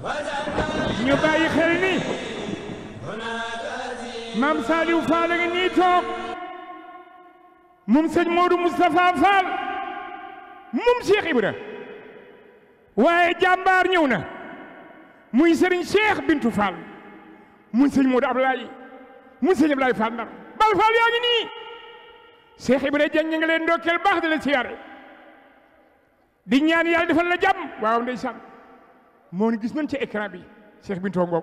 ñu bàyyi xel ni maam Saliou Fall ngi nii toog moom sëñ Modou Moustapha Fall moom Cheikh Ibra waaye jàmbaar ñëw na muy sëriñ Cheikh Bintu Fall muy sëñ Modou Ablaye muy sëñ Ablaye Fall Ndar bal Fall yaa ngi nii Cheikh Ibra Dieng ñu ngi leen ndokkeel baax di la siyaare di ñaan yàlla defal la jàmm waaw ndeysaan moom gis nañ ci écran bi Cheikh Bintou Ngom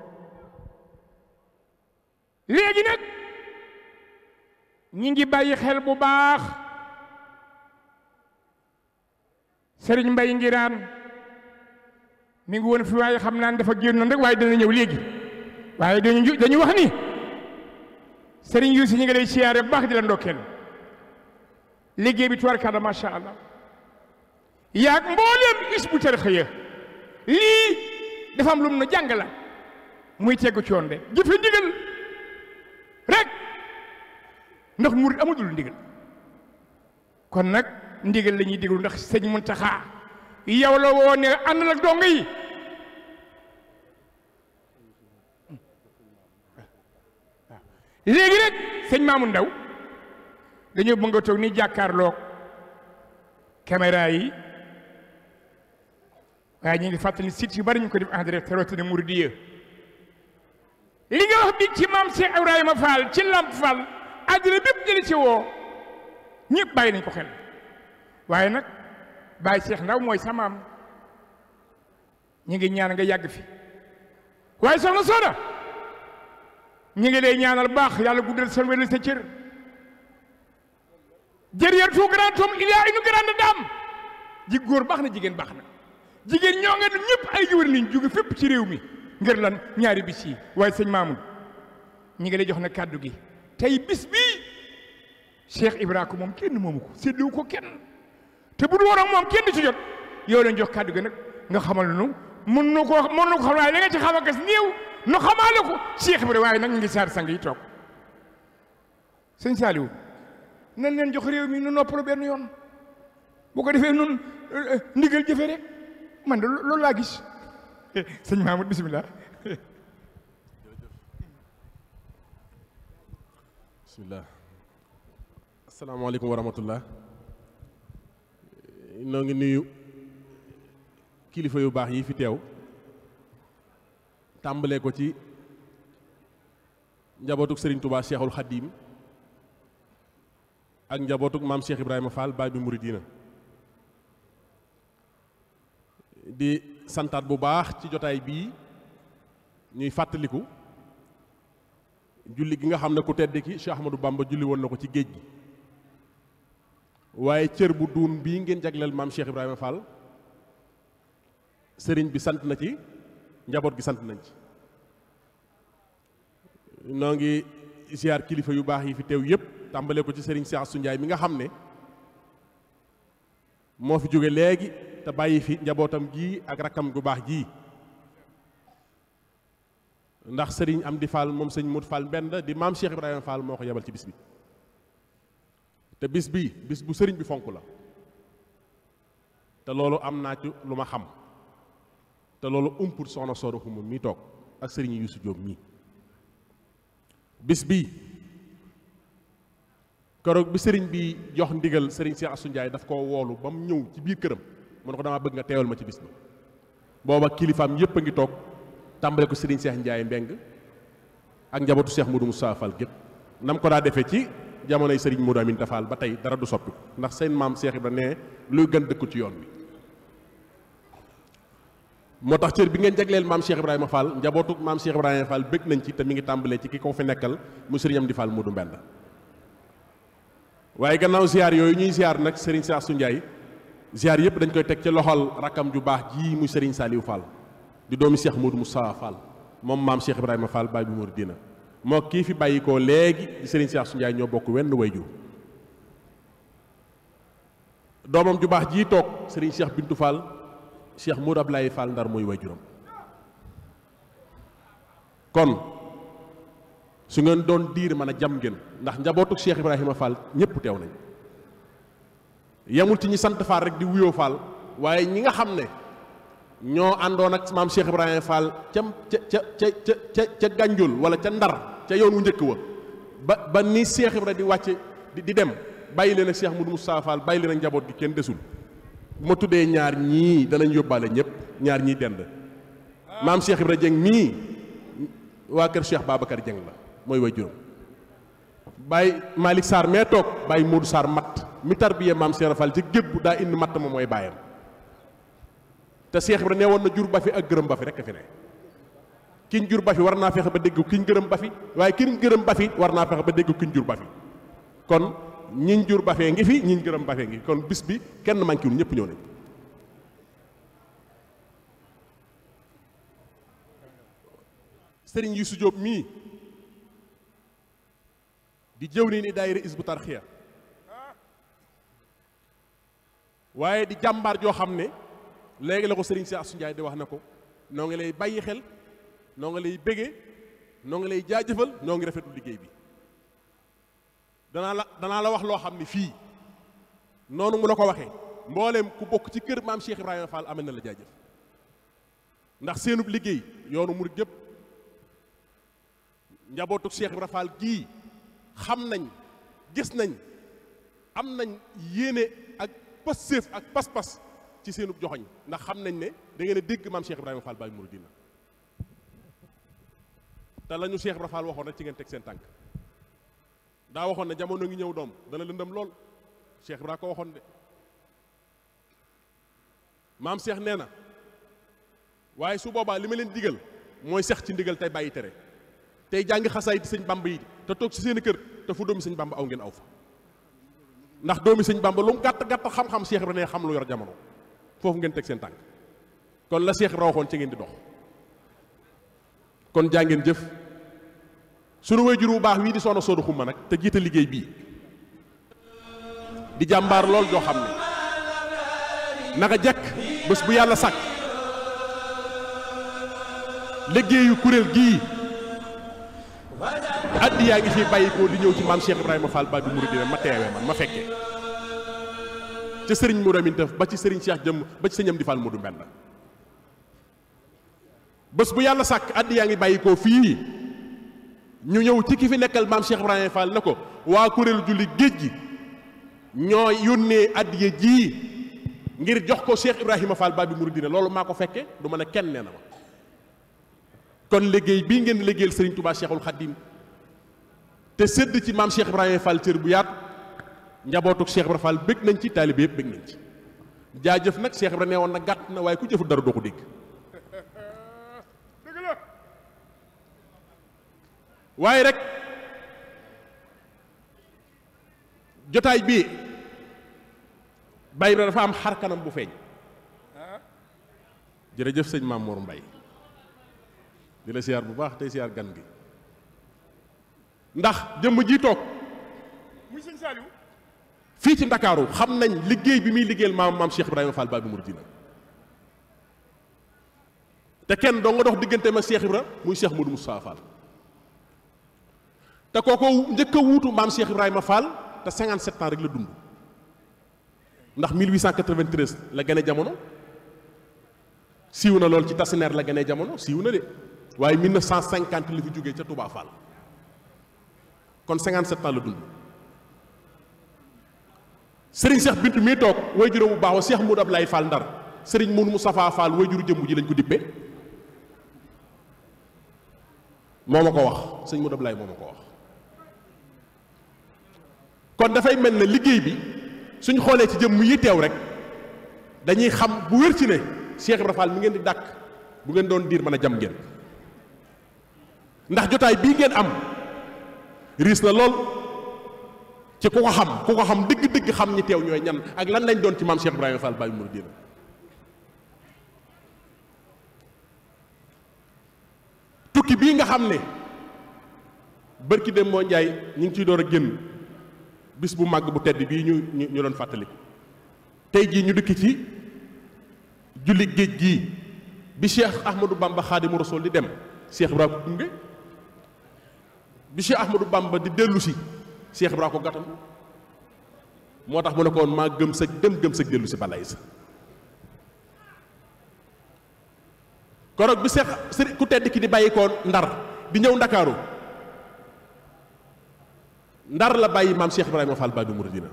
léegi nag ñi ngi bàyyi xel bu baax Serigne Mbaye Ngiraan mi ngi woon fi waaye xam naan dafa génnoon rek waaye dana ñëw léegi waaye dañu dañu wax ni Serigne Youssou ñu ngi lay siyaare bu baax di la ndokkeel liggéey bi tubarkalla macha allah yaag mbooleem is bu tarxiya lii dafa am lu mu nu jàng la muy tegu coon de jëfe ndigal rek ndax murit amadul ndigal kon nag ndigal la ñuy déglu ndax sëñ Muntaxa yow la woo ne ànd ak yi léegi rek sëñ Maamu Ndaw dañoo bëgg a toog ni yi waaye ñu ngi fàttali sit yu bari ñu ko def en direct rawatina Mouridiya li nga wax bi ci maam Cheikh Ibrahima Fall ci Lamp Fall àddina bépp jëli ci woo ñëpp bàyyi nañ ko xel waaye nag Baye Cheikh Ndaw mooy sa maam ñu ngi ñaan nga yàgg fi waaye soxna Soda ñu ngi lay ñaanal baax yàlla guddal sa wér sa cër jër tout grand homme il y a une ji góor baax na jigéen baax na jigéen ñoo nga dem ñëpp ay jiwar liñ jóge fépp ci réew mi ngir lan ñaari bis yi waaye sëñ Mamoun ñi ngi lay jox na kàddu gi tey bis bii Cheikh Ibra moom kenn moomu ko séddiwu ko kenn te bu du waroon moom kenn ci jot yow lañ jox kàddu gi nag nga xamal nu mën nu ko mën nu ko xam waaye la a ci xam a gas néew nu xamaale ko Cheikh Ibra waaye nag ngi saar sang yi toog sëñ Saliou nan leen jox réew mi nu noppalu benn yoon bu ko defee nun eh, eh, ndigal jëfe man de loolu laa gis sëñ Mahmoud bisimilah. bisimilah. asalaamaaleykum wa rahmatullah noo ngi nuyu kilifa yu baax yi fi teew tàmbalee ko ci njabootuk sëriñ tubaa Cheikhul Khadim ak njabootuk maam Cheikh Ibrahima Fall baay bi Mouridina. di santaat bu baax ci jotaay bii ñuy fàttaliku julli gi nga xam ne ku tedd ki Cheikh Ahmadou Bamba julli woon na ko ci géej gi waaye cër bu duun bii ngeen jagleel maam Cheikh Ibrahima fal sëriñ bi sant na ci njaboot gi sant nañ ci noo ngi ziar kilifa yu baax yi fi teew yëpp tàmbalee ko ci sëriñ Cheikh su njaay mi nga xam ne moo fi jóge léegi te bàyyi fi njabootam gii ak rakkam gu baax ji ndax sëriñ am di Fall moom sëñ Mut Fall benn di maam Cheikh Ibrahima Fall moo ko yebal ci bis bi te bis bi bis bu sëriñ bi fonk la te loolu am naa ci lu ma xam te loolu umput soxna Soda Xuma mi toog ak sëriñ Yuusu Jóob mii bis bi keroog bi sëriñ bi jox ndigal sëriñ Cheikh Assou Ndiaye daf koo woolu ba mu ñëw ci biir këram mu ne ko damaa bëgg nga teewal ma ci bis ba booba kilifaam yépp a ngi toog tàmbale ko Serigne seex njaay Mbeng ak njabootu seex Modou Moussa Fall gépp nam ko daa defee ci jamonoy Serigne Modou Amin Tafal ba tey dara du soppi ndax seen maam seex Ibra ne luy gën dëkku ci yoon bi moo tax cër bi ngeen jagleel maam Cheikh Ibrahima Fall njabootu maam Cheikh Ibrahima Fall bëgg nañ ci te mi ngi tàmbalee ci ki ko fi nekkal mu Serigne Amdi Fall Modou Mbenda waaye gannaaw ziar yooyu ñuy ziar nag Serigne Cheikh su njaay ziar yëpp dañ koy teg ci loxol rakkam ju baax jii muy Serigne Saliou Fall di doomi seex Cheikh mu Moussa Fall moom maam Cheikh Ibrahima Fall baay bi muur dina moo kii fi bàyyi ko léegi di Serigne Cheikh Sunjaay ñoo bokk wenn wayju doomam ju baax jii toog seex Cheikh Bintou Fall Cheikh Modou lay Fall ndar mooy wayjuram kon su ngeen doon diir mën a jàmm ngeen ndax njabootu Cheikh Ibrahima Fall ñëpp teew nañ yemul ci ñi sant Fall rek di wuyoo Fall waaye ñi nga xam ne ñoo àndoon ak maam Cheikh Ibrahima Fall ca ca ca ca ca ca Gànjool wala ca Ndar ca yoon wu njëkk wa ba ba ni Cheikh Ibrahima di wàcce di dem bàyyi leen ak Cheikh Moudou Moustapha Fall bàyyi leen ak njaboot gi kenn desul bu ma tuddee ñaar ñii danañ yóbbaale ñëpp ñaar ñii dend maam Cheikh Ibrahima Dieng mii waa kër Cheikh Babacar Dieng la mooy waajuram bàyyi Malick Sarr mee toog bàyyi Modou Sarr matt mi tarbiye maam Cheikh Fall ci gépp daa indi matt ma mooy bàyyam te Cheikh Ibra nee woon na jur bafi ak gërëm ba fi fi ne kiñ jur bafi war naa fexe ba dégg kiñ gërëm bafi waaye kiñ gërëm bafi war naa fexe ba dégg kiñ jur ba kon ñiñ jur ba ngi fi ñiñ gërëm bafee fee ngi kon bis bi kenn manqué wul ñëpp ñëw nañ sëriñ Youssou Diop mii di jëw nii ni daayira Hizbut Tarqiyyah waaye di jàmbaar joo xam ne léegi la ko sëriñ si Asu di wax na ko noo ngi lay bàyyi xel noo ngi lay bégge noo ngi lay jaajëfal noo ngi rafetu liggéey bi danaa la danaa la wax loo xam ne fii noonu mu la ko waxee mbooleem ku bokk ci kër maam Cheikh Ibrahima Fall amel na la jaajëf ndax seenub liggéey yoonu murit yëpp njabootu Cheikh Ibrahima Fall gii xam nañ gis nañ am nañ yéene ak passéef ak pas-pas ci seenu joxoñ ndax xam nañ ne da ngeen a dégg maam Cheikh Ibrahima Fall Baye Mouridina te la ñu Cheikh Ibrahima waxoon rek ci ngeen teg seen tànk daa waxoon ne jamono ngi ñëw doom dana lëndëm lool Cheikh Ibrahima ko waxoon de maam Cheikh nee na waaye su boobaa li ma leen digal mooy sex ci ndigal tey bàyyi tere tey jàngi xasaay di sëñ Bamba yi te toog ci seen kër te fu doomi sëñ Bamba aw ngeen aw fa ndax doomi sëñ bàmba lu mu gàtt gàtt xam-xam Cheikh Ibra ne xam lu yor jamono foofu ngeen teg seen tànk kon la Cheikh Ibra waxoon ci ngeen di dox kon jaa ngeen jëf sunu jur bu baax wii di soona Soodu Xumma nag te jiite liggéey bii di jàmbaar lool joo xam ne naka jekk bés bu yàlla sàkk liggéeyu kuréel gii addi yaa ngi fi bàyyi ko di ñëw ci maam Cheikh Ibrahima Fall Baabul Muridiina ma teewee man ma fekkee ca sëriñ Modou Amine ba ci sëriñ Cheikh jëm ba ci sëñam di Fall Modou Mbenda bés bu yàlla sàkk addi yaa ngi bàyyi fii ñu ñëw ci ki fi nekkal maam Cheikh Ibrahima Fall na ko waa kuréel julli géej gi ñoo yónnee addiya ji ngir jox ko Cheikh Ibrahima Fall Baabul Muridiina loolu maa ko fekke du ma ne kenn nee na ma kon liggéey bii ngeen liggéeyal sëriñ Touba te sédd ci maam Cheikh Ibrahima cër bu yaat njabootu Cheikh Ibrahima Fall bég nañ ci taalibe yëpp bég nañ ci jaajëf nag Cheikh Ibrahima nee woon na gàtt na waaye ku jëfu dara doo ko dégg waaye rek jotaay bii Baye Ibrahima dafa am xar kanam bu feeñ jërëjëf sëñ Mamour Mbaye di la siyaar bu baax tey siyaar gan gi ndax jëmm ji toog muy sëñ Saliou fii ci ndakaaru xam nañ liggéey bi muy liggéeyal maam maam Cheikh Ibrahima Fall Babi Mouridina te kenn doo nga dox diggante ma Cheikh Ibra muy Cheikh Modou Moustapha Fall te kooko njëkk a wuutu maam Cheikh Ibrahima Fall te 57 ans rek la dund ndax 1893 la gane jamono siiw na lool ci tasineer la gane jamono siiw na de waaye 1950 la fi jógee ca Touba Fall kon 57 ans la dund Serigne Cheikh Bintu mii toog wayjuru bu baax wa mu Moudou Ablaye Fall Ndar Serigne Moudou Moustapha Fall wayjuru jëmm ji lañ ko dippe moo ma ko wax sëñ Moudou Ablaye moo ma ko wax. kon dafay mel ne liggéey bi suñ xoolee ci jëmm yi teew rek dañuy xam bu wér ci ne Cheikh Ibra Fall mi ngeen di dàkk bu ngeen doon diir mën a jam ngeen ndax jotaay bii ngeen am. riis na lool ci ku ko xam ku ko xam dëgg-dëgg xam ñi teew ñooy ñan ak lan lañ doon ci maam Cheikh Ibrahima Fall Baye Mouridina tukki bii nga xam ne bërki dem moo njaay ñu ngi ciy door a génn bis bu màgg bu tedd bii ñu ñu doon fàttali tey jii ñu dikk ci julli géej gii bi Cheikh Ahmadou Bamba Xaadimu Rasuul di dem Cheikh Ibrahima Koungheul. bi Cheikh Ahmadou Bamba di dellu si Cheikh ko gatam moo tax mu ne ko woon maa gëm sëg dem gëm sag dellu si balay sa koroog bi Cheikh sëriñ ku tedd ki di bàyyi ko ndar di ñëw ndakaaru ndar la bàyyi maam Cheikh Ibrahima Fall Baay du Muridina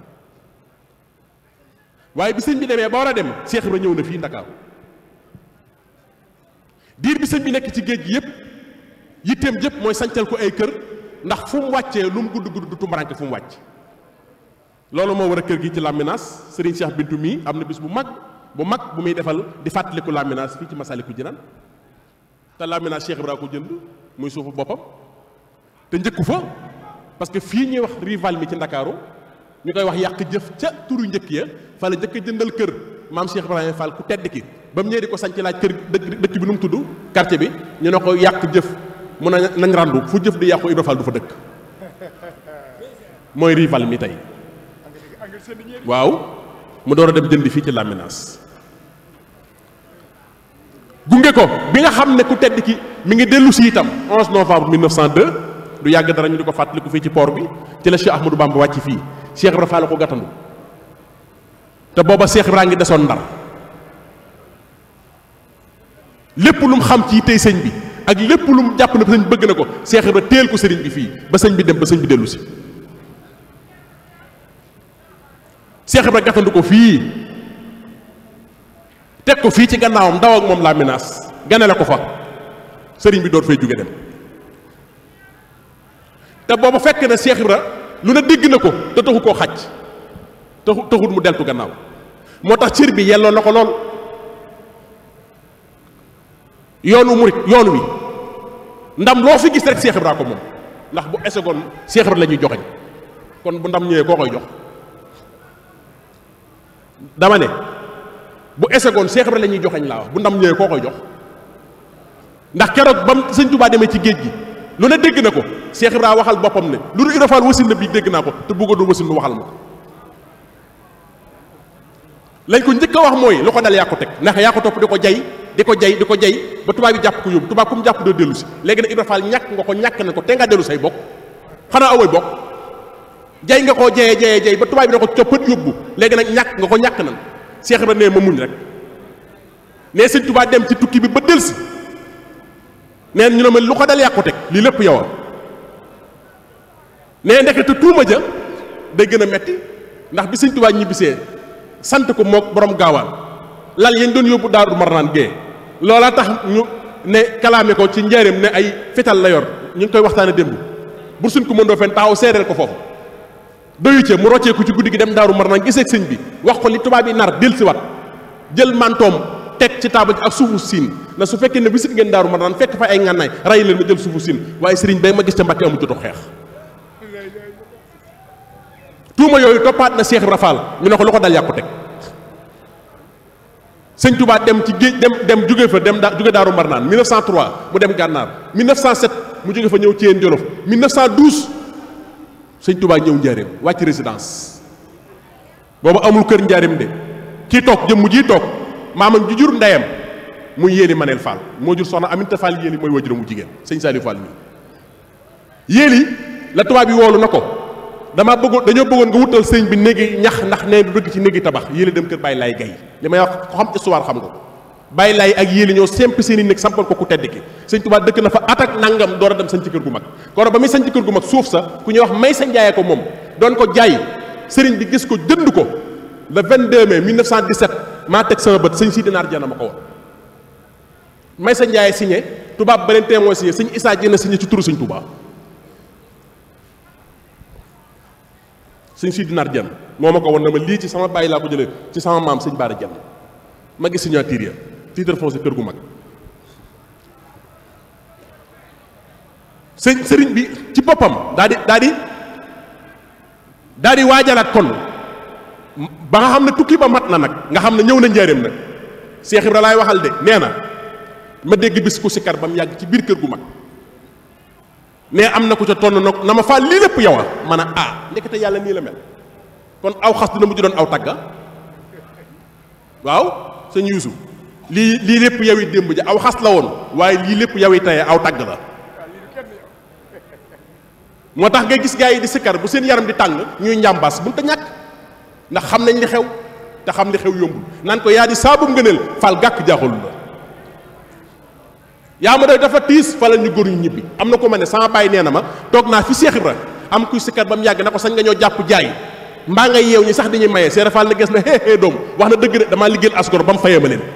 waaye bi sëñ bi demee ba war a dem Cheikh Ibra ñëw na fii ndakaaru diir bi sëñ bi nekk ci géej gi yépp yitteem jëpp mooy sancal ko ay kër ndax fu mu wàccee lu mu gudd gudd du tumbaranke fu mu wàcc loolu moo war a kër gi ci Lambinaas Serigne Cheikh Bintou mii am na bis bu mag bu mag bu muy defal di fàttaliku Lambinaas fii ci Masaliku Jinaan te Lambinaas Cheikh Ibra ko jënd muy suufu boppam te njëkku fa parce que fii ñuy wax rival mi ci Ndakaaru ñu koy wax yàq jëf ca turu njëkk ya fa jëkk jëndal kër maam Cheikh Ibrahima fal ku tedd ki ba mu ñëwee di ko sanc laaj kër dëkk dëkk bi nu mu tudd quartier bi ñu ne ko yàq jëf mun a nañ ràndu fu jëf di yàqu Ibra Fall du fa dëkk mooy rival mi tey waaw mu door a dem jëndi fii ci la menace gunge ko bi nga xam ne ku tedd ki mu ngi dellu si itam 11 novembre 1902 du yàgg dara ñu di ko fàttaliku fii ci poor bi ci la Cheikh Ahmadou Bamba wàcc fii Cheikh Ibra Fall ko gàttandu te booba Cheikh Ibra ngi desoon ndar lépp lu xam ci tey sëñ bi. ak lépp lu mu jàpp ne sëñ bëgg na ko Seex Ibra teel ko sëriñ bi fii ba sëñ bi dem ba sëñ bi dellu si Seex ko fii teg ko fii ci gannaawam ndaw ak moom la menace ganale ko fa sëriñ bi door fay jóge dem te booba fekk na Seex Ibra lu ne dégg na ko te taxu koo xaj taxu taxut mu deltu gannaaw moo tax cër bi yelloo na ko lool yoonu murit yoon wi ndam loo fi gis rek Cheikh Ibra ko moom ndax bu esegoon Cheikh Ibra la ñuy joxeñ kon bu ndam ñëwee koo koy jox dama ne bu esegoon Cheikh Ibra la ñuy joxeñ laa wax bu ndam ñëwee koo koy jox ndax keroot bam sëñ Touba demee ci géej gi lu ne dégg na ko Cheikh Ibra waxal boppam ne lu nu irafal wasin na bii dégg naa ko te bëgga doo wasin lu waxal ma ko lañ ko njëkk a wax mooy lu ko dal yaa ko teg ndax yaa ko topp di ko jay di ko jay di ko jay ba tubaab yi jàpp ko yóbbu tubaab ku mu jàpp doo dellu si léegi Ibra Fall ñàkk nga ko ñàkk na ko te nga dellu say bokk xanaa awoy bokk jay nga koo jayee jayee jay ba tubaab yi da ko coppat yóbbu léegi nag ñàkk nga ko ñàkk nan Cheikh Ibra nee ma muñ rek nee sëñ Tuubaa dem ci tukki bi ba dellu si neen ñu ne ma lu ko dal yàqu teg lii lépp yow nee ndekete tuuma ja day gën a metti ndax bi sëñ Tuubaa ñibbisee sant ko moo borom gaawaan lal yañ doon yóbbu daaru marnaan gee loola tax ñu ne kalaame ko ci njarim ne ay fital la yor ñu ngi koy waxtaane démb bur suñ ko mëndoo fen taxaw seedeel ko foofu doyu mu roccee ku ci guddi gi dem daaru mar naan giseeg sëñ bi wax ko li tubaab yi nar del si wat jël mantoom teg ci taabal ji ak suufu siin na su fekkee ne bisit ngeen daaru mar naan fekk fa ay ngànnaay ray leen ma jël suufu siin waaye sëriñ bay ma gis ca mbàkke amu jotu xeex tuuma yooyu toppaat na Cheikh Ibra ñu ne ko ko dal yàqu teg sëñ Touba dem ci géej dem dem jóge fa dem jóge Daaru Marnaan 1903 mu dem Gànnaar 1907 mu jóge fa ñëw Thiène Jolof 1912 sëñ tubaa ñëw Njaareem wàcc résidence boobu amul kër Njaareem de kii toog jëmm ji toog maamam ju jur ndeyam muy yéeli Manel Fall moo jur soxna Aminta Fall yéeli mooy wajuram wu jigéen sëñ Saliou Fall mi yéeli la tubaab yi woolu na ko. dama bëggoon dañoo bëggoon nga wutal sëñ bi néegi ñax ndax nee du dëgg ci néegi tabax yéele dem kër Baye Laye Gaye li may wax ko xam histoire xam nga ko Baye ak yéele ñoo simp seen i néeg sampal ko ku tedd ki sëñ Tuubaa dëkk na fa atak nangam door a dem sañ ci kër gu mag koro ba muy sañ ci kër gu mag suuf sa ku ñuy wax may sa njaayee ko moom doon ko jaay sëriñ bi gis ko jënd ko le 22 mai 1917 maa teg sama bët sëñ Sidi Naar Jaana ma ko woon may sa njaayee signé tubaab beneen témoin signé sëñ Isaa Jéen signé ci turu sëñ Tuubaa suñ sii Naar Dieng moo ma ko won na ma lii ci sama bàyyi laa ko jëlee ci sama maam sëñ Baara Dieng ma gis signature ya titre foncier kër gu mag sëñ sëriñ bi ci boppam daa di daa di daa di waajalaat kon ba nga xam ne tukki ba mat na nag nga xam ne ñëw na njaareem nag Cheikh Ibra laay waxal de nee na ma dégg bis ku sikar ba mu yàgg ci biir kër gu mag mais am na ku ca ton nag na ma faa lii lépp yow a man a ah ndekete yàlla nii la mel kon aw xas dina mujj doon aw tagga waaw sëñ Yuusu lii lii lépp yow yi démb ji aw xas la woon waaye lii lépp yow yi tey aw tagg la moo tax ngay gis gars yi di sikkar bu seen yaram di tàng ñuy njàmbaas mënut a ñàkk ndax xam nañ li xew te xam li xew yombul naan ko yaa di saabum ngëneel fal gàkk jaaxul la yaa ma doy dafa tiis fa la ñu góor ñu ñibbi am na ko ma ne sama bàyyi nee na ma toog naa fi Cheikh Ibra am kuy sikkat ba mu yàgg na ko sañ nga ñoo jàpp jaay mbaa nga yeew ñi sax dañuy maye Seera Faal na gis na hee hee doom wax na dëgg de damaa liggéey asgor ba mu fayee ma leen ba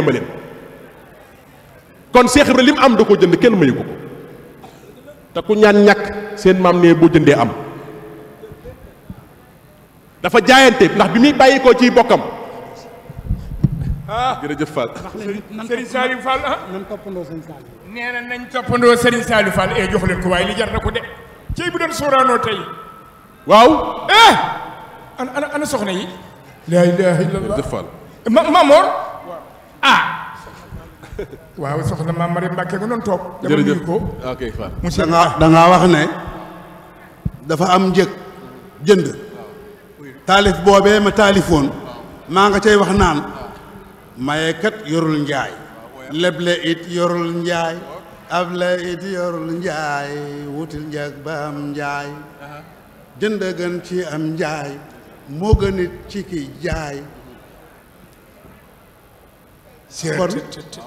mu kon Cheikh Ibra li mu am du koo jënd kenn mayu ko ko te ku ñaan ñàkk seen maam nee boo jëndee am dafa jaayante ndax bi muy bàyyi ko ciy bokkam. ah jërëjëf Fall. Serigne Saliou Fall ah. nañ toppandoo Serigne Saliou. nee na nañ toppandoo eh, jox leen ko waaye li jar na de. cey bu doon tey. waaw. eh. ana ana ana soxna yi. la ilaha illallah jërëjëf Fall. ma Mamor. ah. waaw soxna maam wax ne dafa am njëg jënd. taalif boobee ma taalifoon maa nga cay wax naan maye yorul njaay leble it yorul njaay able it yorul njaay wutil njag ba am njaay jënd gën ci am njaay moo gën it ci ki jaay kon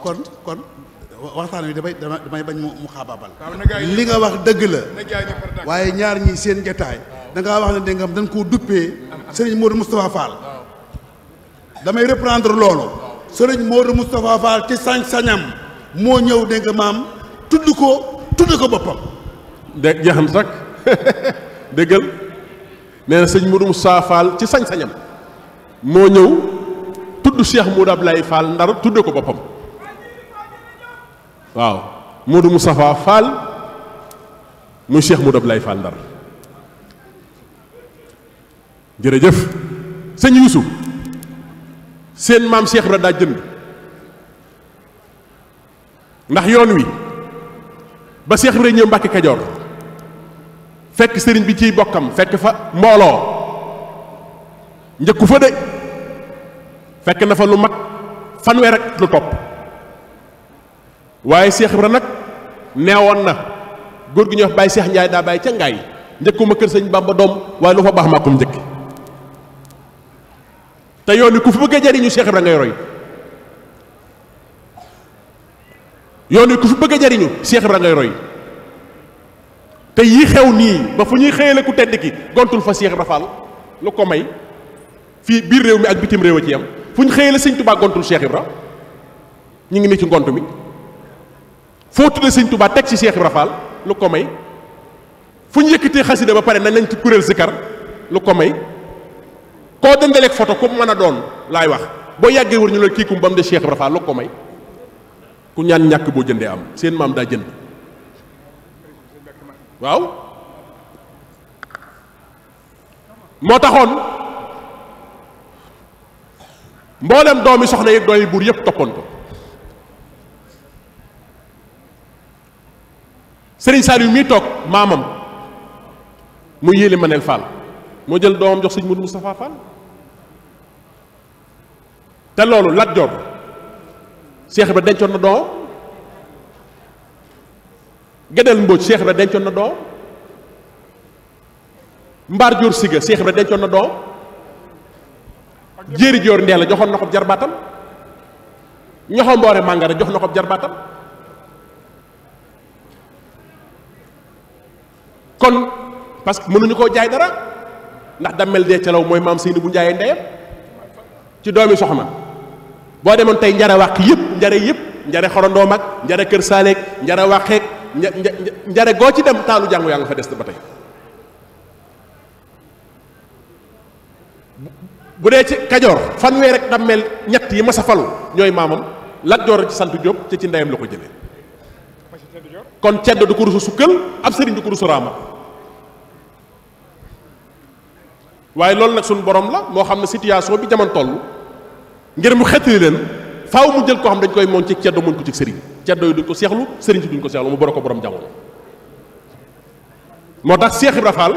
kon kon waxtaan wi damay damay bañ mu xababal li nga wax dëgg la waaye ñaar ñi seen jataay da ngaa wax ne dangam dañ koo duppee Serigne Modou Moustapha Fall damay reprendre loolu Serigne Modou Moustapha Fall ci sañ-sañam moo ñëw dégg maam tudd ko tudd ko boppam. de jeexam sax déggal nee na sëñ Modou Moustapha Fall ci sañ-sañam moo ñëw tudd Cheikh dab lay Fall ndar tudd ko boppam waaw Modou Moustapha Fall muy Cheikh Modou Abdoulaye Fall ndar. jërëjëf sëñ Yuusu seen maam Cheikh Ibra daa jënd ndax yoon wi ba Cheikh Ibra ñëw Mbàkke Kajoor fekk sëriñ bi ciy bokkam fekk fa mbooloo njëkku fa de fekk na fa lu mag fanweer ak lu topp waaye Cheikh Ibra nag neewoon na góor gi ñuy wax Baye Cheikh Ndiaye daa bàyyi ca ngaay njëkkuma kër sëñ ba doom waaye lu fa baax maa njëkk te yoon wi ku fi bëgg jariñu Cheikh Ibra ngay roy yoon wi ku fi bëgg a jariñu Cheikh Ibra ngay roy te yii xew nii ba fu ñuy xëyale ku tedd ki gontul fa Cheikh Ibra Fall lu ko may fii biir réew mi ak bitim réew a ci yam fu ñu la sëñ Touba gontul Cheikh Ibra ñu ngi ni ci ngont mi foo tudde sëñ Touba teg ci Cheikh Ibra lu ko may fu ñu yëkkatee xasida ba pare nañ lañ ci kuréel zikar lu ko may koo dëndaleeg photo ku mën a doon laay wax boo yàggee wër ñu la kii kum ba mu de Cheikh Ibra Fall ko may ku ñaan ñàkk boo jëndee am seen maam daa jënd waaw moo taxoon mboolem doomi soxna yi doomi buur yépp toppoon ko Serigne Saliou mii toog maamam mu yéeli Manel Fall moo jël doomam jox sëñ Modou Moustapha Fall te loolu Lat Joor Cheikh Ibra dencoon na doo Gédéel Mbóoj Cheikh Ibra dencoon na doo Mbaar Joor Siga Cheikh Ibra dencoon na doo Jéeri Joor Ndeela joxoon na ko jarbaatam ñoxo Mboore Màngara jox na ko jarbaatam kon parce que mënuñu koo jaay dara ndax dammel dee calaw mooy maam Seyni bu njaayee ndeyam ci doomi soxna boo demoon tey njare wàq yëpp njare yëpp njare xorondoom ak njare kër saaleeg njare wàqeeg njare goo ci dem taalu jàngu yaa fa des ba tey bu dee ci kajoor fanweer rek dammeel ñett yi masa falu ñooy maamam Lat Joor ci sant Jóob ci ci ndeyam la ko jëlee kon ceddo du ko rusu sukkal ab sëriñ du ko rusu raama waaye loolu nag suñu borom la moo xam ne situation bi jamono toll ngir mu xettali leen faaw mu jël koo xam dañ koy moom ci ceddo mën ko ci sëriñ ceddo yi duñ ko seexlu sëriñ si duñ ko seexlu mu boro ko borom jamono moo tax Seex Ibra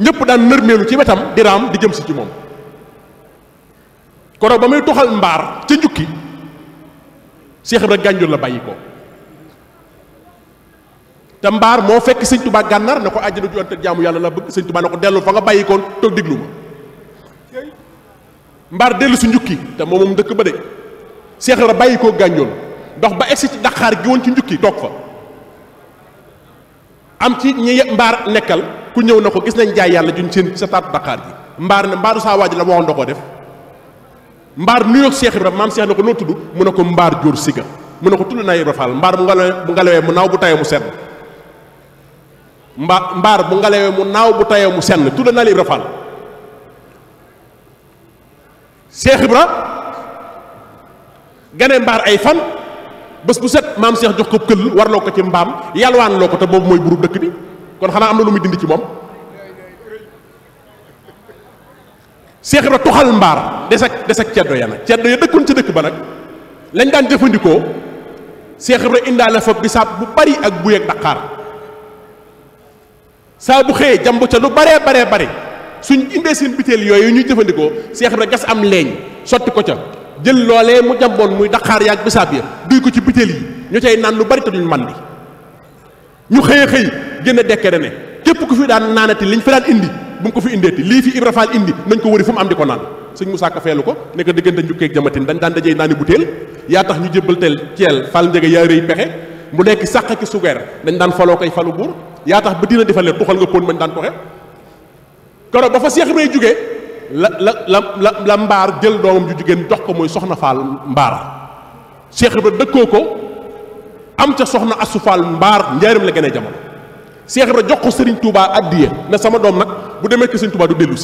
ñépp daan nërmeelu ci wetam di raam di jëm si ci moom koroog ba muy toxal mbaar ca njukki Seex Ibra gànjul la bàyyi ko te mbaar moo fekk sëñ Tuubaa gànnaar na ko àjjana ju te jaamu yàlla la bëgg sëñ Tuubaa na ko dellu fa nga bàyyikoon toog diglu ma mbaar dellu su njukki te moom moom dëkk ba de Seex Ibra bàyyi koo gànjool dox ba egsi ci daqaar gi woon ci njukki toog fa am ci ñi mbaar nekkal ku ñëw na ko gis nañ jaay yàlla juñ seen sa taatu daqaar gi mbaar na mbaaru saa waaj la waxoon da koo def mbaar nuyoog Seex Ibra maam Seex na ko noo tudd mu ne ko mbaar jóor siga mun ne ko tudd naa Ibra Fall mbaar bu ngalawee mu mu naaw bu tayee mu senn mba mbaar bu ngalawee mu naaw bu tayee mu senn tudd naa Ibra Cheikh Ibra gane mbaar ay fan bés bu set maam seex jox ko këll warloo ko ci mbaam yalwaan loo ko te boobu mooy buru dëkk bi kon xanaa am na lu muy dindi ci moom Cheikh Ibra toxal mbaar des ak des ak ceddo ya nag ceddo ya dëkkoon ci dëkk ba nag lañ daan jëfandikoo Cheikh Ibra indaale fa bisaab bu bari ak buy ak daqaar saa bu xëyee jamb ca lu baree baree bari suñ indee seen biteel yooyu ñu jëfandikoo Seex Ibra gas am leeñ sotti ko ca jël loolee mu jamboon muy daqaar yaag bisaab ya duy ko ci biteel yi ñu cay naan lu bari te duñ man di ñu xëy xëy génn dekkere ne képp ku fi daan naanati liñ fi daan indi bu mu ko fi indeeti lii fi Ibra Faal indi nañ ko wëri fu mu am di ko naan sëñ Moussa feelu ko ne ko diggante njukkeeg jamatin dañ daan dajee naani butéel yaa tax ñu jébbal teel ceel fal njege yaa rëy pexe mu nekk sàq ki sugeer dañ daan faloo koy falu buur yaa tax ba dina defalee tuxal nga pon mañ daan toxe keroog ba fa Seex Ibra jóge la la la la mbaar jël doomam ju jigéen jox ko mooy soxna faal mbaar Seex Ibra dëkkoo ko am ca soxna asu faal mbaar njaarim la gën a jamono Seex Ibra jox ko Serigne Touba addiya na sama doom nag bu demee ko Serigne Touba du dellu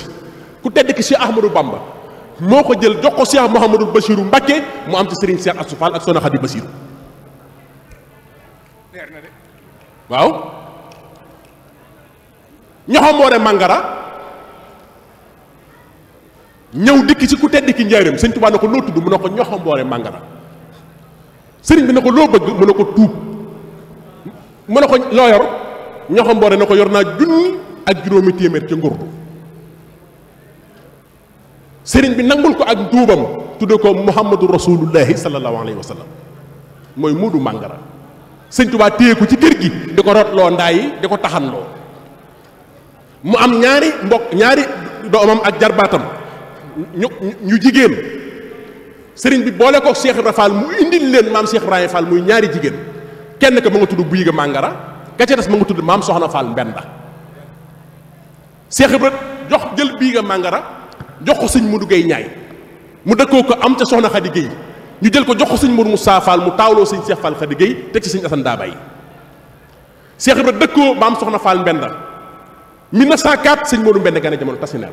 ku tedd ki Cheikh Ahmadou Bamba moo ko jël jox ko Cheikh Mouhamadou Bachirou Mbacké mu am ci Serigne Cheikh Asu Faal ak soxna Xadi Bachirou waaw ñoxam moo màngara ñëw dikk ci ku tedd ki njaareem sëñ Tuubaa ne ko loo tudd mu ne ko ñoxo mboore màngara sëriñ bi ne ko loo bëgg mu ne ko tuub mu ne ko loo yor ñoxo mboore ne ko yor naa junni ak juróomi téeméer ci ngurdu sëriñ bi nangul ko ak tuubam tudde ko muhammadu rasulullahi sallallahu alayhi wa sallam mooy muudu màngara sëñ Tuubaa téye ko ci kër gi di ko rotloo ndaa yi di ko taxanloo mu am ñaari mbokk ñaari doomam ak jarbaatam ñu ñu jigéen sëriñ bi boole ko Cheikh Ibra Fall mu indil leen maam Cheikh Ibrahima Fall muy ñaari jigéen kenn ka ma nga tudd Buyiga Màngara ka ca des ma nga tudd maam Soxna Fall Mbenda Cheikh Ibra jox jël Buyiga Màngara jox ko sëñ mu Gueye Ñaay mu dëkkoo ko am ca Soxna Khady Gueye ñu jël ko jox ko sëñ Modou Moussa Fall mu taawloo sëñ Cheikh Fall Khady Gueye teg ci sëñ Assane Dabaye Cheikh Ibra dëkkoo maam Soxna Fall Mbenda 1904 sëñ Modou Mbenda gane jamono tasineer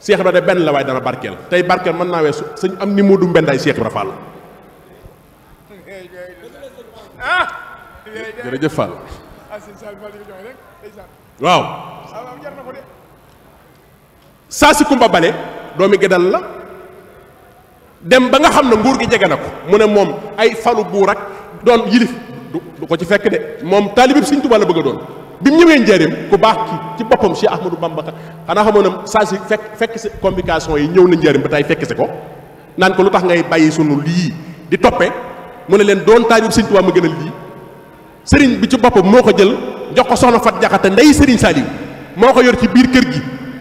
Cheikh Ibra de benn la waaye dana barkeel tey barkeel mën naa weesu sëñ am ni Moodu Mbendaay Cheikh Ibra Fall ah! jërëjëf Fall ah, waaw ah, saa si Kumba Bale doomi Gédal la dem ba nga xam ne nguur gi jege na ko mu ne moom ay falu buur ak doon yilif du ko ci fekk de moom taalibib Sëñ Tuubaa la bëgg doon bi mu ñëwee njëriñ ku baax ki ci boppam Cheikh Ahmadou Bamba kat xanaa xamoon na saa si fekk fekk si complication yi ñëw na njëriñ ba tay fekk si ko naan ko lu tax ngay bàyyi sunu lii di toppee mu ne leen doon taalibu Sëriñ Tuubaa ma gën a lii sëriñ bi ci boppam moo ko jël jox ko soxna Fat Jaxate ndey sëriñ Saliou moo ko yor ci biir kër gi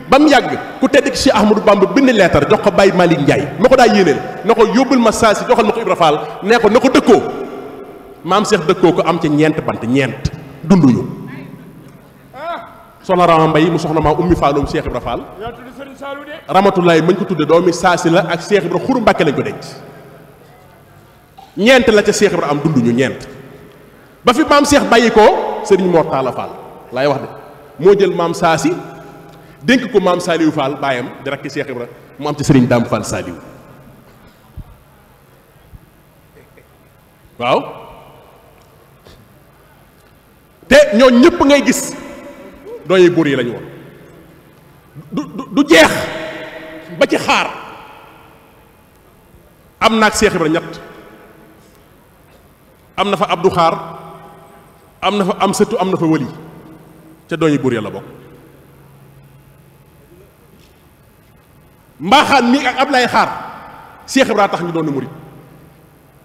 ba mu yàgg ku tedd ki Cheikh Ahmadou Bamba bind leetar jox ko Baye Malick Ndiaye ma ko daa yéeneel na ko yóbbul ma saa si joxal ma ko Ibra Fall nee ko na ko dëkkoo maam Cheikh dëkkoo ko am ca ñeent bant ñeent dundu soxna Rama Mbaye mu soxna maa ummi faaloom Cheikh Ibra Fall ramatulaay mañ ko tudde doomi saasi la ak Cheikh Ibra xuru Mbàkke lañ ko denc ñeent la ca Cheikh Ibra am dunduñu ñeent ba fi maam Cheikh bàyyi ko Serigne Mor Talla Fall laay wax de moo jël maam saasi dénk ko maam Saliou Fall baayam di rakki Cheikh Ibra mu am ci Serigne Dame Fall Saliou waaw te ñoo ñëpp ngay gis doye buur yi lañu woon du du jeex ba ci xaar am naag Seex Ibra ñett am na fa Abdu Xaar am na fa am sëtu am na fa wëli ca doye buur ya la bokk mbaaxaan mi ak Ablaay Xaar Seex Ibra tax ñu doon murit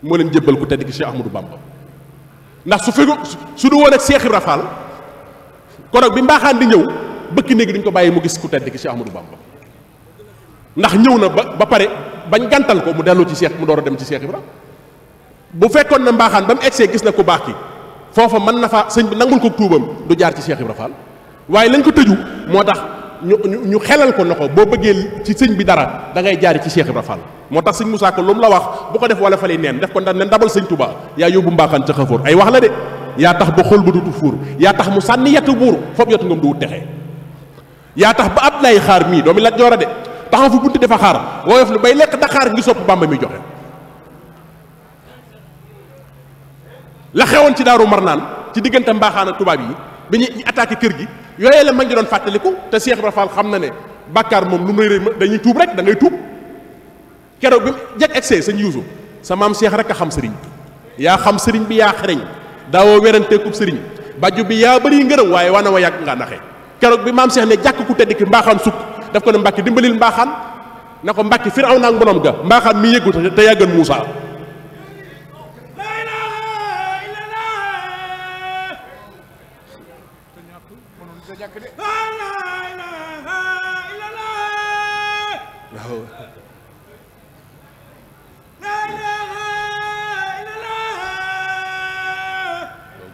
moo leen jébbal ku tedd ki Cheikh Ahmadou Bamba ndax su fekkoon su du woon ak Seex Ibra koroog bi mbaaxaan di ñëw bëkk néegi duñ ko bàyyi mu gis ku tedd ki Cheikh Ahmadou Bamba ndax ñëw na ba ba pare bañ gantal ko mu dellu ci Cheikh mu door a dem ci Cheikh Ibra bu fekkoon na mbaaxaan ba mu egsee gis na ku baax ki foofa mën na faa sëñ bi nangul ko tuubam du jaar ci Cheikh Ibra Fall waaye lañ ko tëju moo tax ñu ñu xelal ko na ko boo bëggee ci sëñ bi dara dangay ngay jaari ci Cheikh Ibra Fall moo tax sëñ Moussa ko lu mu la wax bu ko def wala fa lay neen def ko ndax ne ndabal sëñ Touba yaa yóbbu mbaaxaan ca xafoor ay wax la de yaa tax ba xol ba dutu fuur yaa tax mu sànni yettu buur foofu yottu ngam duwut texee yaa tax ba Abdoulaye xaar mii doomi la Joor a de taxaw fu buntu dafa xaar woyof lu bay lekk Dakar ngi sopp Bàmba mi joxe la xewoon ci daaru naan ci diggante mbaaxaan ak tubaab yi bi ñuy attaqué kër gi yooyee la mag ñi doon fàttaliku te Cheikh Ibra Fall xam na ne bàkkaar moom lu muy rëy dañuy tuub rek dangay ngay tuub keroog bi jag egsee sëñ Yuusu sa maam Cheikh rek a xam sëriñ yaa xam sëriñ bi yaa daawoo werante kub sëriñ bàjju bi yaa bëri ngërëm waaye wana wa yàgg ngaa naxe keroog bi maam Cheikh ne jàkk ku tedd ki mbaaxaan sukk daf ko ne mbàkki dimbalil mbaaxaan na ko mbàkki firaw naak borom ga mbaaxaan mi yëggu te yàggan Muusa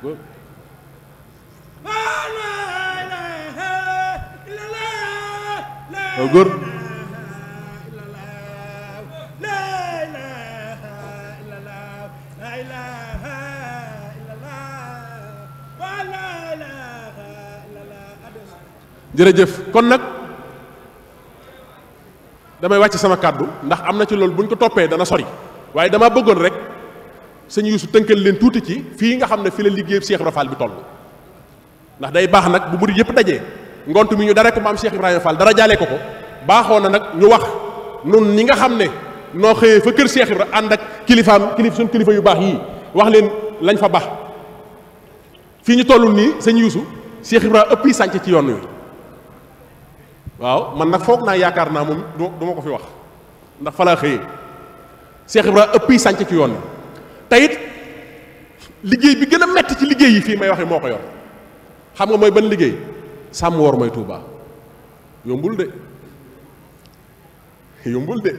good. Oh, kon nag damay wàcc sama kàddu ndax am na ci loolu bu ñu ko toppee dana sori waaye dama bëggoon rek sëñ Yuusu tënkal leen tuuti ci fii nga xam ne fi la liggéey Cheikh Ibra Fall bi toll ndax day baax nag bu murid yëpp daje ngont mi ñu dara ko maam Cheikh Ibrahima Fall dara jaale ko ko baaxoo na nag ñu wax nun ñi nga xam ne noo xëyee fa kër Cheikh Ibra ànd ak kilifaam kilif suñ kilifa yu baax yii wax leen lañ fa baax fii ñu toll nii sëñ Yuusu Cheikh Ibra ëpp yi sànc ci yoon wi waaw man nag foog naa yaakaar naa moom du ma ko fi wax ndax fa laa xëyee Cheikh Ibra ëpp yi sànc ci yoon tayit liggéey bi gën a metti ci liggéey yi fii may waxe moo ko yor xam nga mooy ban liggéey sàmm war mooy Touba yombul de yombul de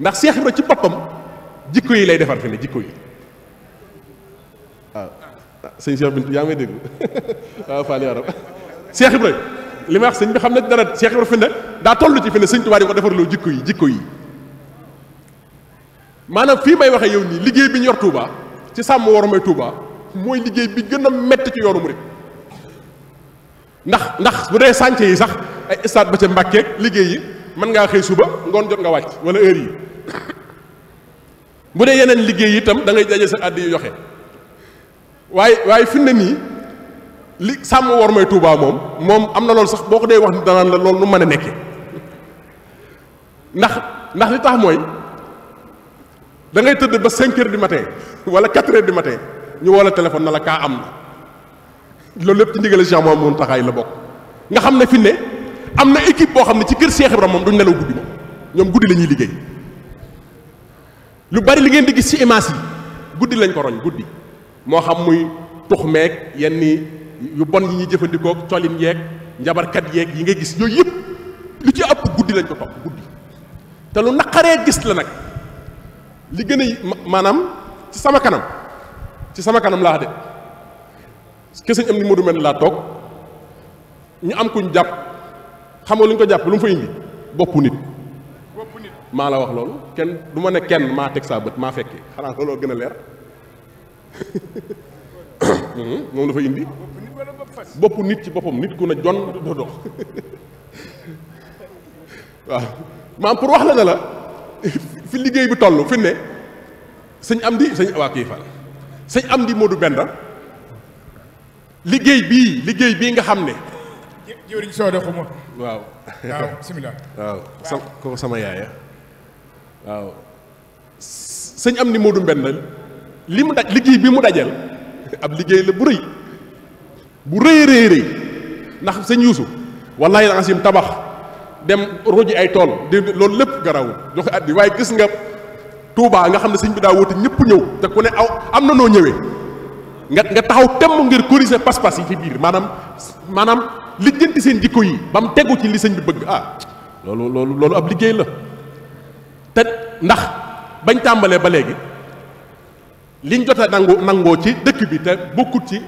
ndax Cheikh Ibra ci boppam jikko yi lay defar fi ne jikko yi waaw ah, ah, sëñ Cheikh Bintou yaa ngi may dégg waaw ah, Fall yaram Cheikh Ibra li ma wax sëñ bi xam ne dara Cheikh Ibra fi ne daa toll ci fi ne sëñ Touba di ko defar jikko yi jikko yi maanaam fii may waxee yow nii liggéey bi ñu yor Touba ci sàmm warumay tuubaa mooy liggéey bi gën a métti ci yoonu murit ndax ndax bu dee sànce yi sax ay stade ba ca Mbàkke liggéey yi mën ngaa xëy suba ngoon jot nga wàcc wala heure yi bu dee yeneen liggéey yi itam da ngay daje sa àddi yu joxe waaye waaye fi ne nii li sàmm war may Touba moom moom am na lool sax boo ko dee wax danaan la loolu nu mën a nekke ndax ndax li tax mooy da ngay tëdd ba 5 heures du matin wala 4 heures du ñu woo la téléphone na la kaa am na loolu lépp ci ndigal Cheikh Mouhamadou Mountakha la bokk nga xam ne fi ne am na équipe boo xam ne ci kër Cheikh Ibrahima moom duñ nelaw guddi moom ñoom guddi la ñuy liggéey lu bari li ngeen di gis ci image yi guddi lañ ko roñ guddi moo xam muy tux meeg yenn yu bon yi ñuy jëfandikoo ak colin yeeg njabarkat yeeg yi nga gis yooyu yëpp li ci ëpp guddi lañ ko topp guddi te lu naqaree gis la nag. li gën a maanaam ci sama kanam ci sama kanam laa de ke sëñ am ni Modou Mbène laa toog ñu am kuñ jàpp xamoo lu ñu ko jàpp lu mu fa indi boppu nit maa la wax loolu kenn du ma ne kenn maa teg saa bët maa fekke xanaa looloo gën a leer mm-hmm. moom dafa indi bopp nit ci boppam nit ku ne jon do dox waaw maam pour wax la ne la fi liggéey bi toll fi ne sëñ am di sëñ waa kii fal sëñ am di Modou Benda liggéey bii liggéey bii nga xam ne. jëwriñ soo de xuma waaw waaw bismillah sama yaaya ah. waaw sëñ am di Modou Benda li mu daj liggéey bi mu dajal ab liggéey la bu rëy bu rëy rëy rëy ndax sëñ Yuusu wallaahi la tabax. dem ruji ay tool di loolu lépp garawul joxe addi waaye gis nga Touba nga xam ne sëñ bi daa woote ñëpp ñëw te ku ne aw am na noo ñëwee nga nga taxaw temm ngir corriger pas-pas yi ci biir maanaam maanaam lijjanti seen jikko yi ba mu tegu ci li sëñ bi bëgg ah loolu loolu loolu ab liggéey la te ndax bañ tàmbalee ba léegi liñ jot a nangu nangoo ci dëkk bi te bokkut ci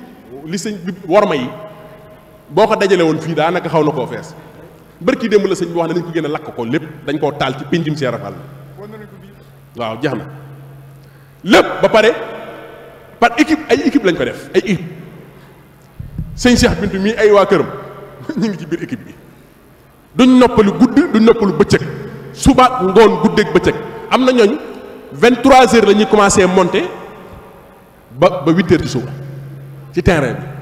li sëñ bi worma yi boo ko dajale woon fii daanaka xaw na koo fees bërki démb la sëñ bi wax na nañ ko gën a lakk ko lépp dañ koo taal ci pénjum Cheikh Rafal waaw jeex na lépp ba pare par équipe ay équipe lañ ko def ay équipe sëñ Cheikh Bintu mii ay waa këram ñu ngi ci biir équipe bi duñ noppalu gudd duñ noppalu bëccëg suba ngoon guddeeg bëccëg am na ñooñ 23 heures la ñuy commencé monter ba ba 8 heures ci suba ci terrain bi.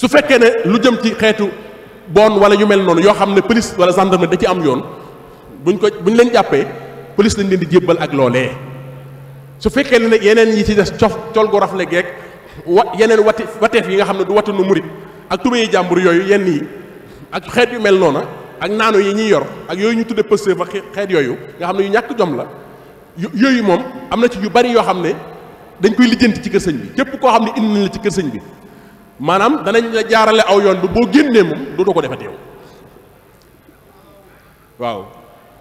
su fekkee ne lu jëm ci xeetu bon wala yu mel noonu yoo xam ne police wala gendarmerie da ci am yoon buñ ko buñ leen jàppee police lañ leen di jébbal ak loolee su fekkee ne ne yeneen yi ci des cof col raf rafle geeg wa yeneen wati wateef yi nga xam ne du watu nu murit ak tubéy yi jàmbur yooyu yenn yi ak xeet yu mel noona ak naano yi ñuy yor ak yooyu ñu tudde pëste fa xeet yooyu nga xam ne yu ñàkk jom la yooyu moom am na ci yu bari yoo xam ne dañ koy lijjanti ci kër bi képp koo xam ne indi nañ la ci kër sëñ maanaam danañ la jaarale aw yoon bi boo génnee moom dootoo ko defati yow waaw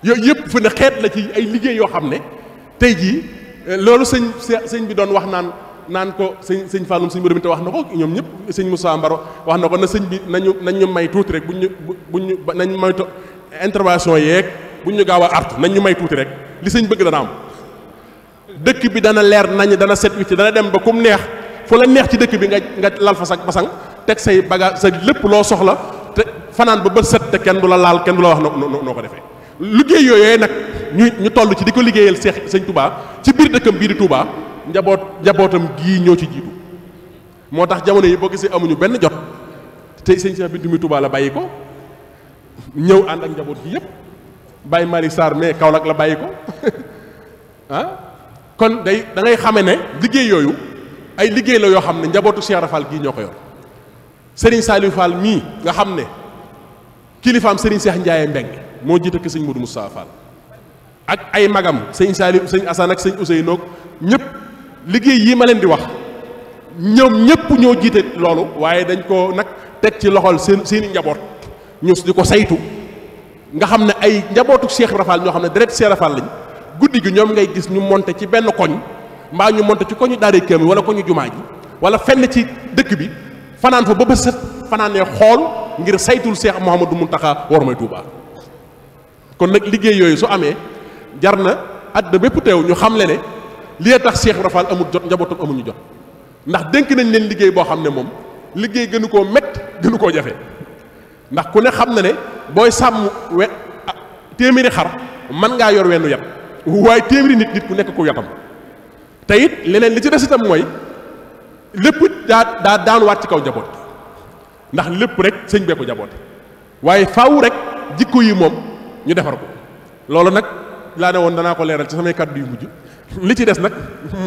yooyu yëpp fu ne xeet la ci ay liggéey yoo xam ne tey jii eh, loolu sëñ sëñ bi doon wax naan naan ko sëñ sëñ Fallum sëñ Modou te wax na ko ñoom ñëpp sëñ mu Mbaro wax na ko na sëñ bi nañu nañu may tuuti rek buñ ñu bu ñu nañ moytu intervention yeeg buñ ñu gaaw a artu nañ ñu may tuuti rek li sëñ bëgg dana am dëkk bi dana leer nañ dana set wicc dana dem ba kum neex. fu la neex ci dëkk bi nga nga lal fa sa basang teg say bagage sa lépp loo soxla te fanaan ba ba set te kenn du la laal kenn du la wax noo noo ko defee liggéey yooyu nag ñu ñu toll ci di ko liggéeyal Seex Sëñ Touba ci biir dëkkam bii di Touba njaboot njabootam gii ñoo ci jiitu moo tax jamono yi boo gisee amuñu benn jot te sëñ Cheikh Bintou mi Touba la bàyyi ko ñëw ànd ak njaboot gi yëpp bàyyi Mari Sarr mais Kaolack la bàyyi ko ah kon day da ngay xame ne liggéey yooyu ay liggéey la yoo xam ne njabootu Cheikh Rafal gii ñoo ko yor Serigne Saliou Fall mii nga xam ne kilifaam Serigne seex Ndiaye Mbeng moo jiite ki sëñ Modou Moustapha Fall ak ay magam sëñ Saliou sëñ Assane ak sëñ ñëpp liggéey yi ma di wax ñoom ñëpp ñoo jiite loolu waaye dañ ko nag teg ci loxol seen seen njaboot ñu di ko saytu nga xam ne ay njabootu seex Rafal ñoo xam ne direct Cheikh Rafal lañ guddi gi ñoom ngay gis ñu monte ci benn koñ mbaa ñu monte ci ko ñu daaree kéem wala ko ñu jumaa ji wala fenn ci dëkk bi fanaan fa ba bët set fanaanee xool ngir saytul Cheikh Mouhamadou Mountakha war may Touba kon nag liggéey yooyu su amee jar na àdduna bépp teew ñu xam le ne liy tax Cheikh rafal Fall amul jot njabootam amuñu jot ndax dénk nañ leen liggéey boo xam ne moom liggéey gënu koo métti gënu koo jafe ndax ku ne xam na ne booy sàmm we téeméeri xar mën ngaa yor wenn yat waaye téeméeri nit nit ku nekk ku yatam te it leneen li ci des itam mooy lépp daa daa daanuwaat ci kaw njaboot ndax lépp rek sëñ bee ko jaboote waaye faaw rek jikko yi moom ñu defar ko loolu nag laa ne woon danaa ko leeral ci samay kàddu yu mujj li ci des nag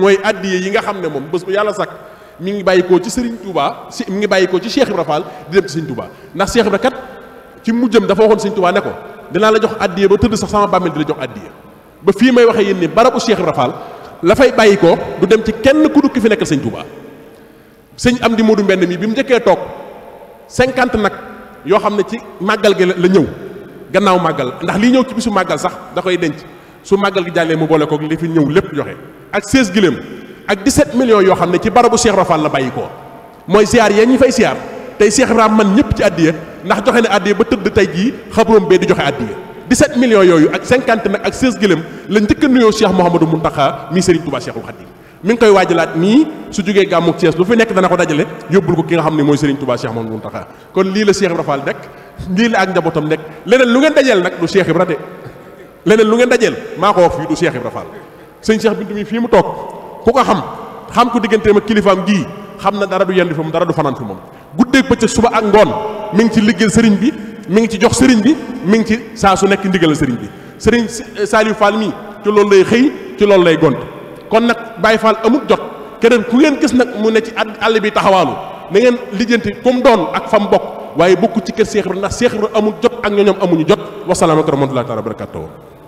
mooy addiye yi nga xam ne moom bés bu yàlla sàkk mu ngi bàyyi ci Serigne Touba si mi ngi bàyyi koo ci Cheikh Ibra Fall di dem ci Serigne ndax Cheikh Ibra kat ci mujjam dafa waxoon Serigne Touba ne ko dinaa la jox addiye ba tëdd sax sama bàmmeel di la jox addiye ba fii may waxee yéen ni barabu Cheikh Ibra la fay bàyyi ko du dem ci kenn ku dukki fi nekkal sëñ Touba sëñ am di Modou Mbenn mii bi mu njëkkee toog cinquante nag yoo xam ne ci màggal gi la ñëw gannaaw màggal ndax lii ñëw ci bisu màggal sax da koy denc su màggal gi jàllee mu boole koog li fi ñëw lépp joxe ak 16 giléem ak 17 millions yoo xam ne ci barabu Cheikh Rafal la bàyyi ko mooy siyaar yeen ñi fay siyaar tey Cheikh Ibrahima man ñëpp ci addiya ndax joxe ne addiya ba tëdd tey jii xabroom bee di joxe addiya 17 millions yooyu ak 50 nag ak 16 gëlëm la njëkk a nuyoo Cheikh Mouhamadou Mountakha mi Serigne Touba Cheikhul Khadim mi ngi koy waajalaat nii su jógee gàmmu Thiès lu fi nekk dana ko dajale yóbbul ko ki nga xam ne mooy Serigne Touba Cheikh Mouhamadou Mountakha kon lii la Cheikh Ibra nekk lii la ak njabootam nekk leneen lu ngeen dajeel nag du Cheikh Ibra de leneen lu ngeen dajeel maa ko wax fii du Cheikh Ibra Fall sëñ Cheikh Bintou mi fii mu toog ku ko xam xam ko digganteem ak kilifaam gii xam na dara du yendi fi moom dara du fanaan fi moom guddeeg bëccëg suba ak ngoon mi ngi ci liggéey sëriñ bi mi ngi ci jox sëriñ bi mi ngi ci saa su nekk ndigal sëriñ bi sëriñ eh, Saliou Fall mii ci loolu lay xëy ci loolu lay gont kon nag Baye Fall amut jot keneen ku ngeen gis nag mu ne ci àll bi taxawaalu na ngeen lijjanti fu mu doon ak fa mu bokk waaye bokku ci kër Seex Ibra ndax Seex Ibra amul jot ak ñooñoom amuñu jot wasalaamaaleykum wa rahmatullaahi taala wa barakaatuh